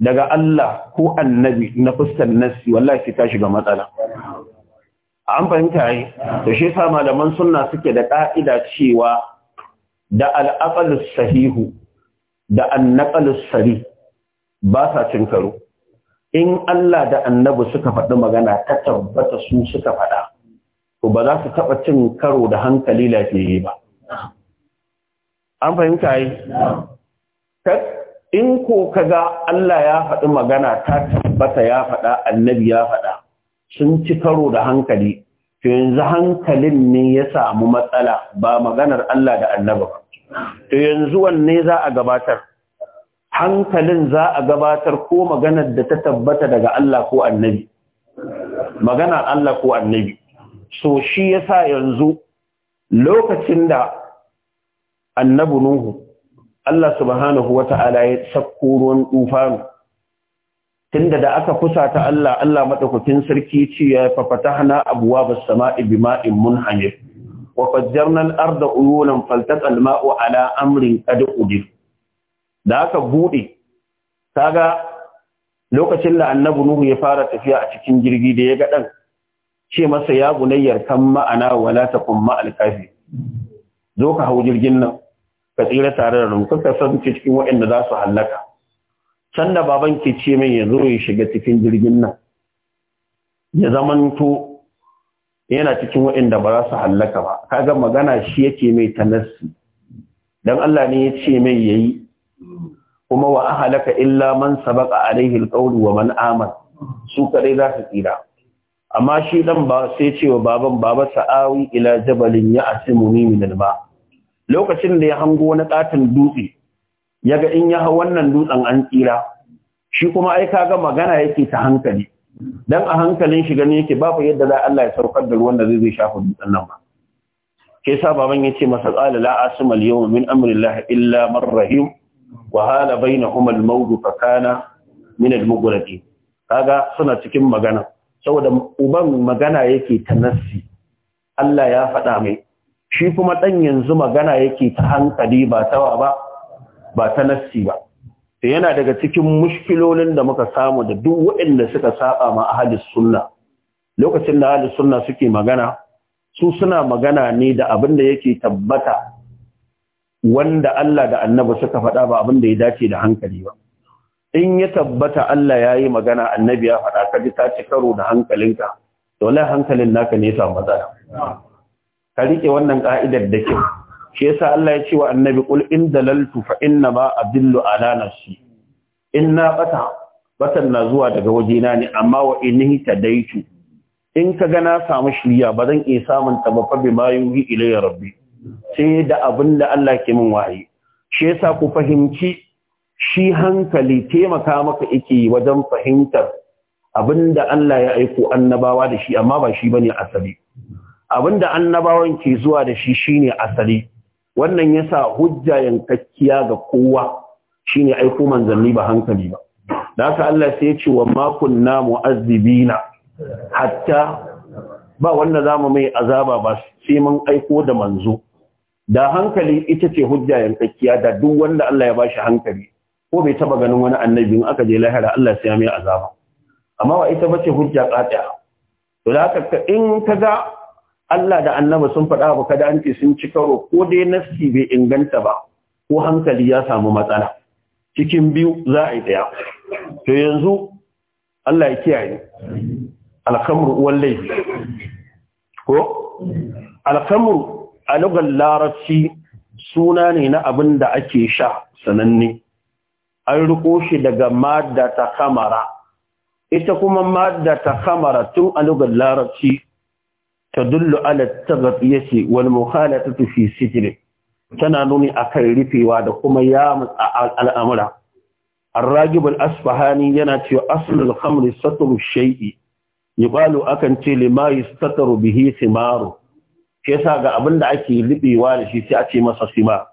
daga Allah ko annabi na fuskar nassi wallahi ta shiga matsala an fahimta yi to shi yasa malaman sunna suke da ƙa'ida cewa da al sahihu da an sari ba sa cin karo in Allah da annabi suka faɗi magana ta tabbata su suka faɗa to ba za su taɓa cin karo da hankali lafiyayye ba an fahimta yi in ko kaza Allah ya faɗi magana ta tabbata ya faɗa annabi ya faɗa sun ci karo da hankali to yanzu hankalin ne ya samu matsala ba maganar Allah da annabi ba to yanzu wanne za a gabatar hankalin za a gabatar ko maganar da ta tabbata daga Allah ko annabi maganar Allah ko annabi so shi yasa yanzu lokacin da annabi Nuhu Allah subhanahu wa ta'ala ya sakko ruwan tufanu tunda da aka kusa ta Allah Allah madaukakin sarki ce ya fafatahna abwaabas samaa'i mun hanyar. wa fajjarna al-arda uyulan faltaqa al ala amrin qad qudir da aka Ta kaga lokacin da annabi nuhu ya fara tafiya a cikin jirgi da ya ga dan ce masa ya gunayyar kan ma'ana wala takum ma'al zo ka hau jirgin nan ka tsira tare da mu kuka kasance cikin waɗanda za su hallaka can da baban ke ce min ya zo ya shiga cikin jirgin nan ya zamanto yana cikin waɗanda ba za su hallaka ba kaga magana shi yake mai tanassi dan Allah ne ya ce mai yayi kuma wa ahlaka illa man sabaqa alaihi alqawl wa man amana su kadai za su tsira amma shi dan ba sai ce wa baban baba sa'awi ila jabalin ya asimuni min alma lokacin da ya hango wani katin dutse yaga in ya hau wannan dutsen an tsira shi kuma ai kaga magana yake ta hankali dan a hankalin shi gani yake ba fa yadda za Allah ya saukar da ruwan da zai zai shafa dutsen nan ba ke sa baban yace masa qala la asma al yawm min amri llahi illa man rahim wa hala bainahuma al mawd fa kana min al mughraqi kaga suna cikin magana saboda uban magana yake ta nassi Allah ya faɗa mai shi kuma ɗan yanzu magana yake ta hankali ba ta wa ba ba ta nassi ba da yana daga cikin mushkilolin da muka samu da duk waɗanda suka saba ma ahalis sunna lokacin da ahalis sunna suke magana su suna magana ne da abin da yake tabbata wanda Allah da annabi suka faɗa ba abin da ya dace da hankali ba in ya tabbata Allah ya yi magana annabi ya faɗa ka ji ta ci karo da hankalinka dole hankalin naka ne ya samu matsala ka rike wannan ka'idar da kyau shi yasa Allah ya ce wa annabi qul in dalaltu fa inna ma adillu ala nafsi na bata batan na zuwa daga wajena ne amma wa inni tadaitu in ka ga na samu shiriya ba zan iya samun ta ba fa bi ma ilayya rabbi sai da abin da Allah ke min wahayi shi yasa ku fahimci shi hankali taimaka maka yake wajen fahimtar abin da Allah ya aiko annabawa da shi amma ba shi bane asali abinda annabawan ke zuwa da shi shine asali wannan yasa hujja yankakkiya ga kowa shine aiko manzanni ba hankali ba da haka Allah sai ya ce wa ma kunna mu'azzibina hatta ba wanda zamu mai azaba ba sai mun aiko da manzo da hankali ita ce hujja yankakkiya da duk wanda Allah ya bashi hankali ko bai taba ganin wani annabi in aka je lahira Allah sai ya mai azaba amma wa ita bace hujja qati'a to da haka in kaga Allah da annaba sun faɗa abu kada an ce sun ci karo ko dai nassi bai inganta ba ko hankali ya samu matsala cikin biyu za a yi ɗaya to yanzu Allah ya kiyaye alkamru uwan laifi ko alkamru a lugar larabci suna ne na abin da ake sha sananne an riko shi daga madda ta kamara ita kuma madda ta kamara tun a lugar larabci tadullu ala tagat yace wal mukhalatatu fi sijri tana nuni akan rufewa da kuma ya al'amura الراجب الأصفهاني يناتي أصل الخمر ستر الشيء يقال أكن لما يستتر به ثمار كيسا ga abin da ake libewa da shi sai a ce masa sima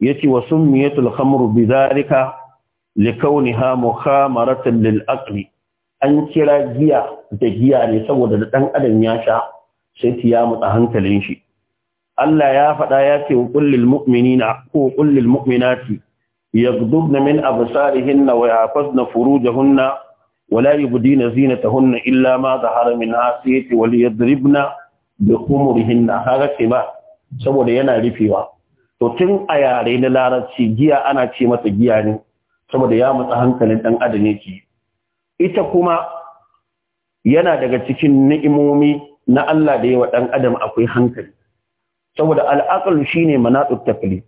yace wa summiyatul khamru bidhalika likawnaha mukhamaratan lil aqli an kira giya da giya ne saboda da dan adam ya sha sai ta ya mutsa hankalin shi Allah ya faɗa ya ce wa ƙullin mu'minina ko kullil mu'minati na min absarihinna wa yahfazna furujahunna wa zina ta hunna illa ma zahara minha sayati wa liyadribna bi khumurihinna kaga ce ba saboda yana rufewa to tun a yare na larabci giya ana ce mata giya ne saboda ya matsa hankalin ɗan adam yake ita kuma yana daga cikin ni'imomi na Allah da yawa ɗan adam akwai hankali saboda shi shi ne taklif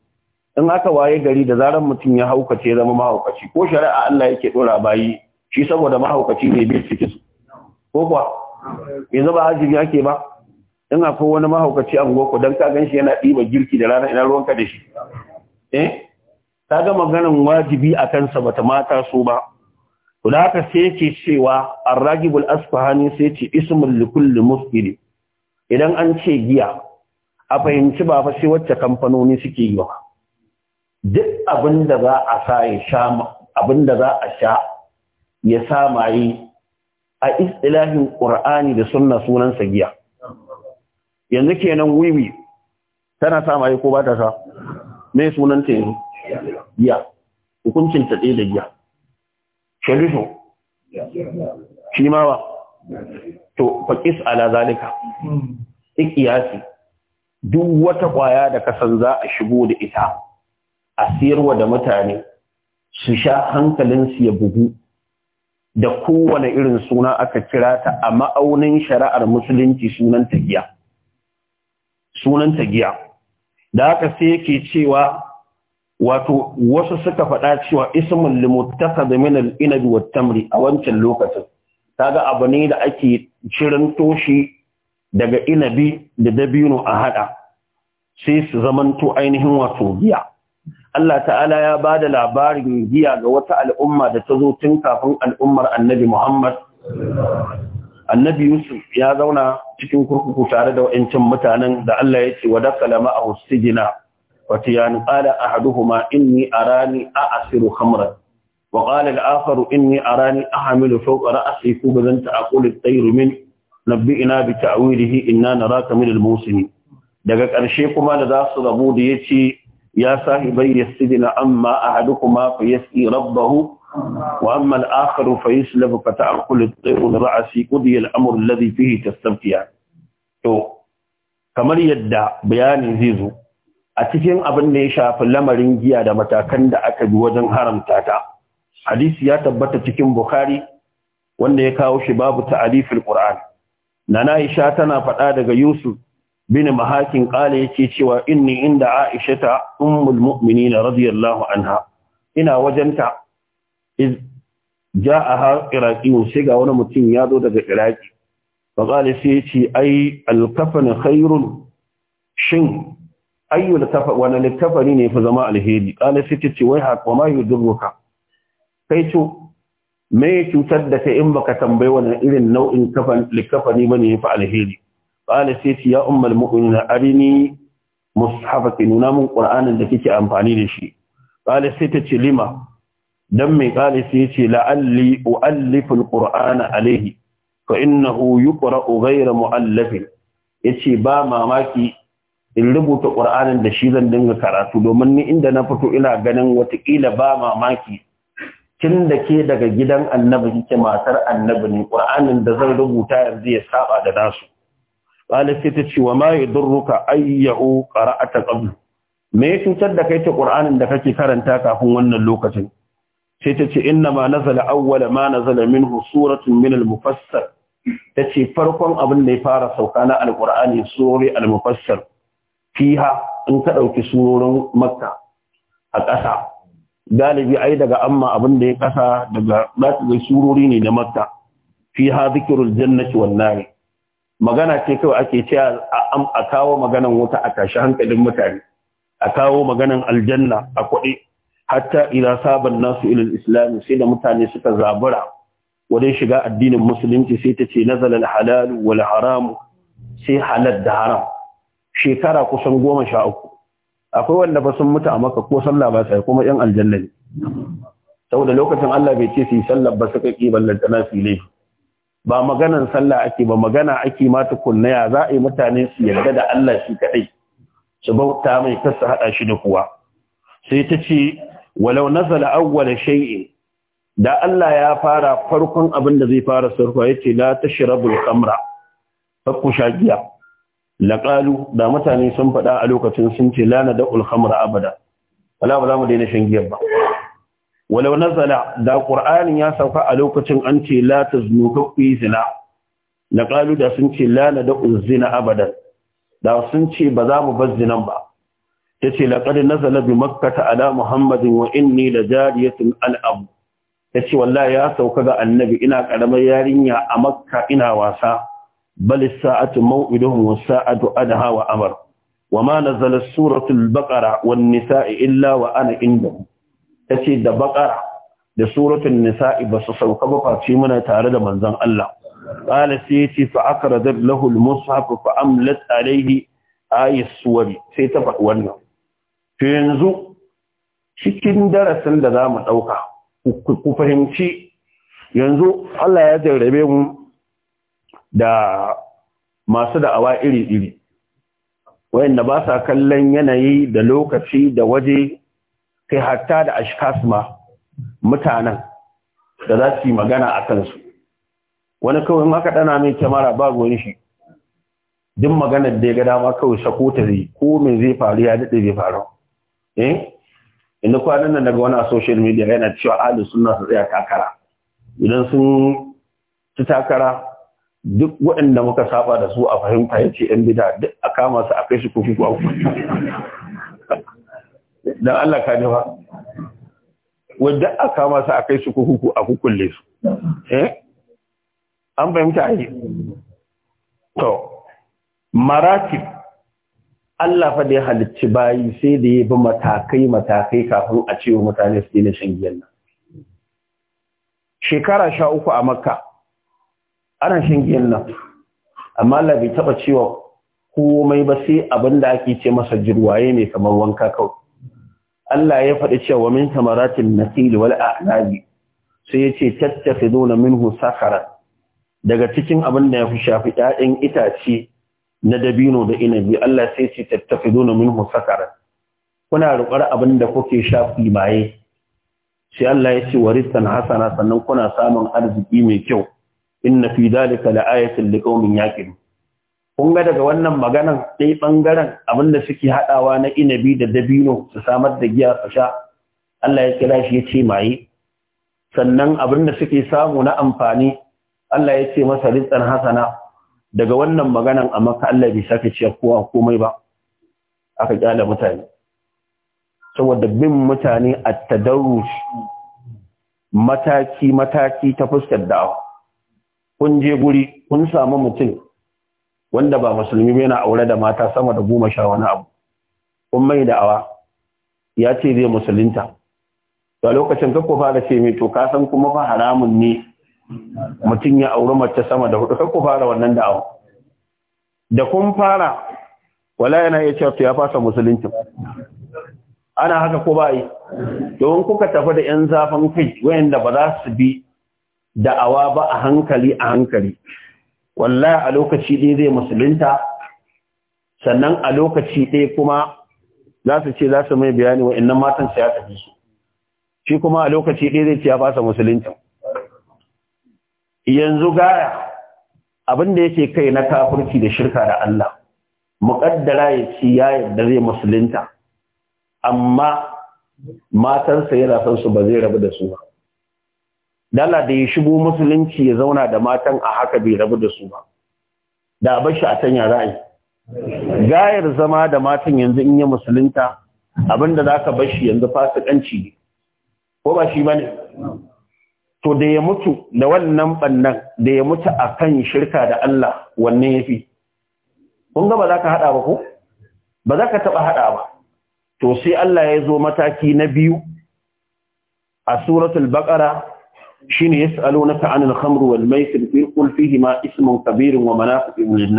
in aka waye gari da zaran mutum ya haukace zama mahaukaci ko shari'a Allah yake ɗora bayi shi saboda mahaukaci ne bai cike su ko kuwa yanzu ba hajji yake ba in akwai wani mahaukaci a goko don ka shi yana ɗiba girki da rana ina ruwanka da shi eh ta ga maganan wajibi a kansa bata mata so ba Kudaka sai ce cewa arragibul asfahani sai ce ismul likulli mufkiri idan an ce giya a fahimci ba fa sai wacce kamfanoni suke yi ba duk abin da za a sa ya sha abin da za a sha ya sa a istilahin qur'ani da sunna sunan sa giya yanzu kenan wiwi tana sa maye ko ba ta sa me sunan ta yanzu giya hukuncin ta da giya shalihu shi ma ba to faƙis ala zalika ikiyasi duk wata ƙwaya da kasan za a shigo da ita a siyarwa da mutane su sha hankalinsu ya bugu da kowane irin suna aka kira ta a ma'aunin shari'ar musulunci sunan tagiya sunan tagiya da haka sai yake cewa wato wasu suka faɗa cewa ismun limuttaqad min al-inabi wa tamri a wancan lokacin kaga abu ne da ake cirin toshi daga inabi da dabino a haɗa, sai su zamanto ainihin wato giya Allah ta'ala ya ba da labarin giya ga wata al'umma da ta zo tun kafin al'ummar annabi Muhammad annabi Yusuf ya zauna cikin kurkuku tare da waɗancan mutanen da Allah ya ce wa dakala ma'ahu sijina وتيان قال أحدهما إني أراني أأسر خمرا وقال الآخر إني أراني أحمل فوق رأسي ina تأقول الطير من نبئنا بتأويله إنا نراك من الموسمين daga ƙarshe kuma da za su rabu da ya ce ya sahi bai ya sidi na amma a haɗu kuma fa ya tsi rabbahu wa amma al'akaru fa yi sulabu ka ta akuli tsayon ra'asi kudi al'amur lazi fihi ta to kamar yadda bayanin zai zo a cikin abin da ya shafi lamarin giya da matakan da aka bi wajen haramta ta hadisi ya tabbata cikin bukhari wanda ya kawo shi babu ta'alifin qur'an nana aisha tana faɗa daga yusuf bin mahakin qala yake cewa inni inda aisha ta ummul mu'minin radiyallahu anha ina wajenta iz ja'aha iraqi sai ga wani mutum ya zo daga iraqi fa qala sai yace ai al-kafan khairun shin ayyu wani wa littafani ne fi zama alheri qala sai ce wai ha wa ma yudurruka kai to me cutar da kai in baka tambayi wani irin nau'in kafan ba ne fi alheri qala sai ce ya ummul mu'minina arini mushafaki nuna min qur'anin da kike amfani da shi qala sai ce lima dan mai qala sai ce la'alli u'allifu alqur'ana alaihi ka innahu yuqra'u ghayra mu'allafin yace ba mamaki in rubuta ƙur'anin da shi zan dinga karatu domin ni inda na fito ina ganin watakila ba mamaki tun da ke daga gidan annabi ke matar annabi ne ƙur'anin da zan rubuta yanzu ya saba da nasu qalat sai ta ce wa ma durruka ayyu qara'ata qabl me ya cutar da kai ta ƙur'anin da kake karanta kafin wannan lokacin sai ta ce inna ma nazala awwala ma nazala minhu suratun min al-mufassar tace farkon abin da ya fara sauka na al-qur'ani sura al-mufassar fiha in ka ɗauki surorin makka a ƙasa galibi ai daga amma abin da ya ƙasa daga ɗaki surori ne na makka fiha zikirul jannati wan nari magana ce kawai ake ce a kawo maganan wuta a tashi hankalin mutane a kawo maganan aljanna a kuɗi hatta ila saban nasu ilil islami sai da mutane suka zabura wajen shiga addinin musulunci sai ta ce nazala halalu wal haramu sai halal da haram shekara kusan goma sha uku akwai wanda ba sun mutu a maka ko sallah ba sai kuma yan aljanna ne saboda lokacin Allah bai ce su yi sallah ba suka ki ballantana su ne ba maganan sallah ake ba magana ake ma tukunna ya za a yi mutane su yarda da Allah shi kadai su bauta mai kasa hada shi da kuwa sai ta ce walau nazala awwala shay'in da Allah ya fara farkon abin da zai fara sarfa yace la tashrabul khamra fakku shagiya laƙalu da mutane sun faɗa a lokacin sun ce lana da ulhamra abada wala ba za mu daina shan giyar ba walau nazala da qur'anin ya sauka a lokacin an ce la taznu kufi zina laƙalu da sun ce lana da uzina abadan da sun ce ba za mu bar zinan ba yace laqad nazala bi makkata ala muhammadin wa inni la jariyatun al'abu. abu yace wallahi ya sauka ga annabi ina karamar yarinya a makka ina wasa بل الساعة موئدهم والساعة أدهى وأمر وما نزلت سورة البقرة والنساء إلا وأنا عندهم تسيد بقرة لسورة النساء بس سوكبقى تيمنا تارد من زن الله قال سيتي فأقرد له المصحف فأملت عليه آي السور سيتفق ونه في ينزو cikin darasin da za mu ɗauka ku fahimci yanzu Allah ya jarrabe mu da masu da'awa iri-iri wayanda ba sa kallon yanayi da lokaci da waje kai hatta da ashkas ma mutanen da za su yi magana a kansu wani kawai in aka dana mai kyamara ba gori shi duk maganar da ya ga dama kawai sako ta zai ko me zai faru ya daɗe zai faru eh inda kwanan nan daga wani a social media yana cewa ahlus sunna su tsaya takara idan sun ci takara duk waɗanda muka saba da su a fahimta ya ce ‘yan bida duk a kama su a kai shi kuku kuwa don Allah ka jefa wadda a kama su a kai su kuku a kukulle su eh? an fahimta yi to maratif Allah fa da ya halicci bayi sai da ya bi matakai-matakai kafin a ce wa mutane su ne shan giyan nan shekara sha uku a makka ana shan giyan nan amma Allah bai taba cewa komai ba sai abinda ake ce masa jirwaye ne kamar wanka kawai Allah ya faɗi cewa min tamaratin nasil wal a'nabi sai yace tattakhiduna minhu sakhara daga cikin abin da ya fi shafi ɗayan itace na dabino da inabi Allah sai ce tattakhiduna minhu sakara kuna rukar abin da kuke shafi maye sai Allah ya ce warisan hasana sannan kuna samun arziki mai kyau inna fi dalika la'ayatin liqaumin yaqilun kun ga daga wannan maganan ɗaya bangaren abinda suke haɗawa na inabi da dabino su samar da giya su sha Allah ya kira shi ya ce maye sannan abinda suke samu na amfani Allah ya ce masa rizqan hasana daga wannan maganan a maka Allah bai saka ciya kowa komai ba aka kyala mutane saboda bin mutane at-tadarruj mataki mataki ta fuskar da'awa kun je guri kun samu mutum wanda ba musulmi yana aure da mata sama da goma sha wani abu kun mai da'awa ya ce zai musulunta da lokacin kakko fara ce mai to kuma ba haramun ne mutum ya aure mace sama da hudu kakko fara wannan awa da kun fara wala yana iya cewa ya fasa musulunci ana haka ko ba yi don kuka tafi da yan zafin kai wayanda ba za su bi da'awa ba a hankali a hankali Walla a lokaci ɗaya zai musulunta sannan a lokaci ɗaya kuma za su ce za su mai bayani wa innan matan su ya tafi su shi kuma a lokaci ɗaya zai ce ya fasa musulunta yanzu gaya abin da yake kai na kafirci da shirka da Allah muƙaddara ya ci ya yarda zai musulunta amma matansa yana son su ba zai rabu da su ba dala da ya shigo musulunci ya zauna da matan a haka bai rabu da su ba da a bashi a tanya ra'ayi gayar zama da matan yanzu in ya musulunta abinda za ka bashi yanzu fasikanci ne ko ba shi ba ne to da ya mutu da wannan bannan da ya mutu a kan shirka da Allah wanne ya fi kun ga ba za ka haɗa ba ko ba za ka taɓa haɗa ba to sai Allah ya zo mataki na biyu a suratul baqara shine na ta'anin khamri wal maisir fi qul ma ismin kabirun wa manafi'un lin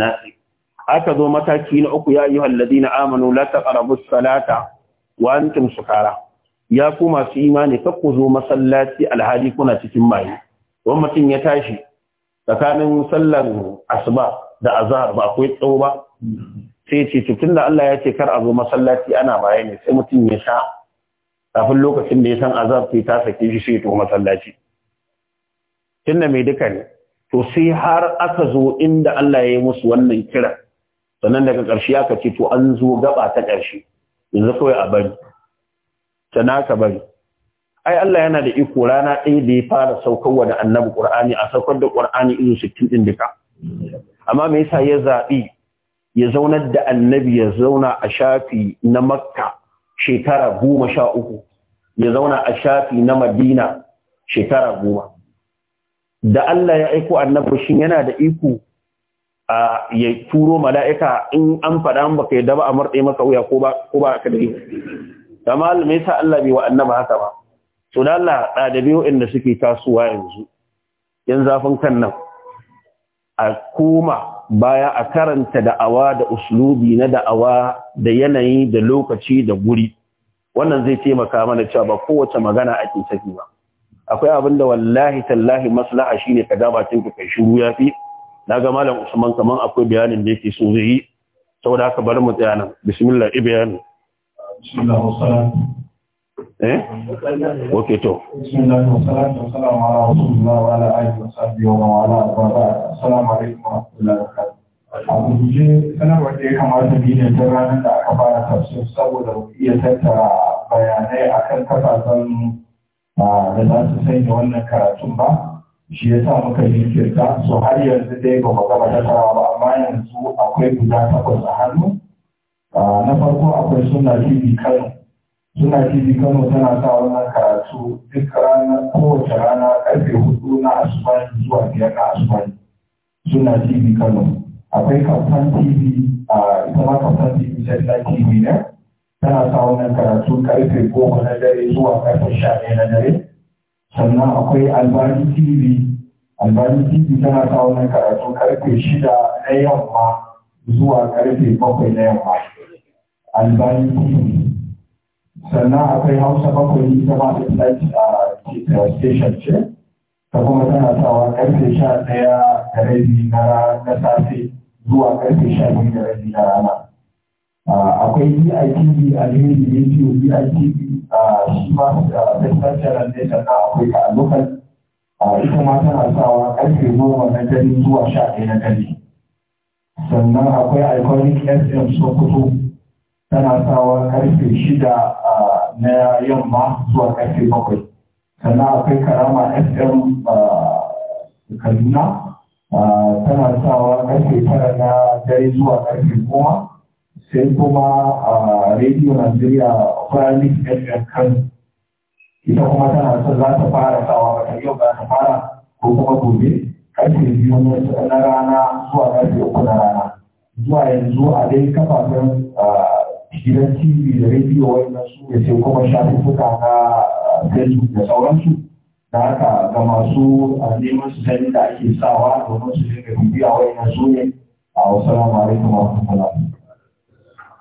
aka zo mataki na uku ya halladi na amanu la taqrabus salata wa antum sukara ya ku masu imani ku zo masallaci alhali kuna cikin maye wani mutum ya tashi tsakanin sallar asuba da azahar ba akwai tsawo ba sai ce tutun da Allah ya ce kar a zo masallaci ana maye ne sai mutum ya sha kafin lokacin da ya san azahar sai ta sake shi sai to masallaci tunda mai duka ne to sai har aka zo inda Allah ya yi musu wannan kira sannan daga ƙarshe aka ce to an zo gaba ta ƙarshe yanzu kawai a bari sana ka bari ai Allah yana da iko rana ɗaya da ya fara saukar wa da annabi Qur'ani a saukar da ƙur'ani irin 60 din duka amma me yasa ya zaɓi ya zaunar da annabi ya zauna a shafi na Makka shekara goma sha uku ya zauna a shafi na Madina shekara goma da Allah ya aiko annabi shin yana da iko a ya turo mala'ika in an faɗa an baka yadda ba a marɗe maka wuya ko ba ko ba ka da me yasa Allah bai wa annabi haka ba to da da biyo inda suke tasuwa yanzu yan zafin kan nan a koma baya a karanta da'awa da uslubi na da'awa da yanayi da lokaci da guri wannan zai taimaka mana cewa ba kowace magana ake tafi ba akwai abin da wallahi tallahi maslaha shine ka gaba cin kai shiru yafi naga malam Usman kaman akwai bayanin da yake so zai yi saboda haka bari mu tsaya nan bismillah bismillah wassalam eh okay to bismillah wa ala rahmatullahi wa barakatuh a da ya kamata ta ranar da fara tafsir saboda iya tattara bayanai akan kafafen da za su sanya wannan karatun ba shi ya sa muka yi kirka so har yanzu dai ba mu gaba tattara ba amma yanzu akwai guda takwas a hannu na farko akwai suna tv kano suna tv kano tana sa wannan karatu duk rana kowace rana karfe hudu na asuba zuwa biyar na asuba suna tv kano akwai kaftan tv a ita ma kaftan tv satellite tv ne tana sa wannan karatu karfe goma na dare zuwa karfe sha ɗaya na dare sannan akwai albani tv albani tv tana sa wannan karatu karfe shida na yamma zuwa karfe bakwai na yamma albani tv sannan akwai hausa bakwai ita ma satellite a station ce ta kuma tana sawa karfe sha ɗaya da rabi na safe zuwa karfe sha biyu da rabi na rana Ah, akwai BITB a Unity Radio, BITB a ah, shi ma Central Channel ne sannan akwai ta local ah, ita ma tana sawa karfe goma na dare zuwa sha ɗaya na dare. Sannan akwai Iconic SM Sokoto tana sawa karfe shida na yamma zuwa karfe bakwai. Sannan akwai Karama SM Kaduna tana sawa karfe tara na dare zuwa karfe goma. sai kuma a rediyo Najeriya Planet FM kan Ita kuma tana son za ta fara sawa ta yau za ta fara ko kuma gobe ƙarfe biyu na rana zuwa ƙarfe uku na rana. Zuwa yanzu a dai kafafen gidan TV da rediyo wannan su da sai kuma shafuffuka na Facebook da sauransu. Da haka ga masu neman su sani da ake sawa domin su dinga bibiya wannan su ne. ramarai kuma wa kula.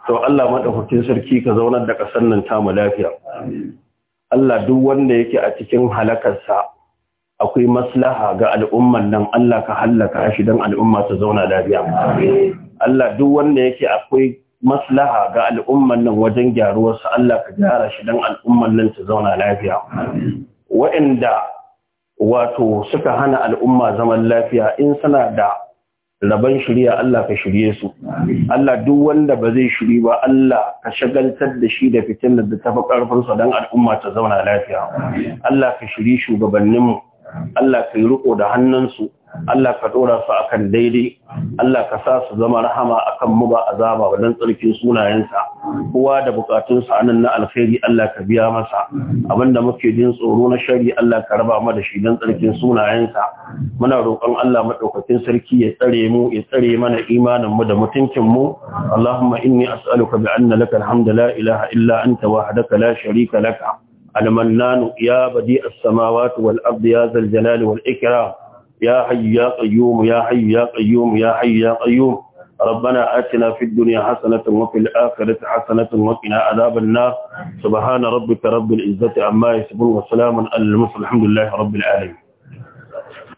to Allah madaukakin sarki ka zaunar da ƙasar nan ta mu lafiya Allah duk wanda yake a cikin halakarsa akwai maslaha ga al'umman nan Allah ka hallaka shi don al'umma ta zauna lafiya Allah duk wanda yake akwai maslaha ga al'umman nan wajen su Allah ka gyara shi don al'umman nan ta zauna lafiya waɗanda wato suka hana al'umma zaman lafiya in suna da raban shirya Allah ka shirye su Allah duk wanda ba zai shiri ba Allah ka shagaltar da shi da fitilar da tafi fi sa dan al'umma ta zauna lafiya Allah ka shiri shugabanninmu Allah ka yi riko da hannunsu Allah ka ɗora su akan daidai Allah ka sa su zama rahama akan mu ba azaba ba dan tsarkin sunayensa kowa da bukatun sa anan na alkhairi Allah ka biya masa abinda muke jin tsoro na shari Allah ka raba mu da shi dan tsarkin sunayensa muna roƙon Allah madaukakin sarki ya tsare mu ya tsare mana imanin mu da mutuncin mu Allahumma inni as'aluka bi anna laka alhamdu la ilaha illa anta wahdaka la sharika laka المنان يا بديع السماوات والأرض يا ذا الجلال والإكرام يا حي يا قيوم يا حي يا قيوم يا حي يا قيوم ربنا آتنا في الدنيا حسنة وفي الآخرة حسنة وقنا عذاب النار سبحان ربك رب العزة عما يصفون وسلام على المرسلين الحمد لله رب العالمين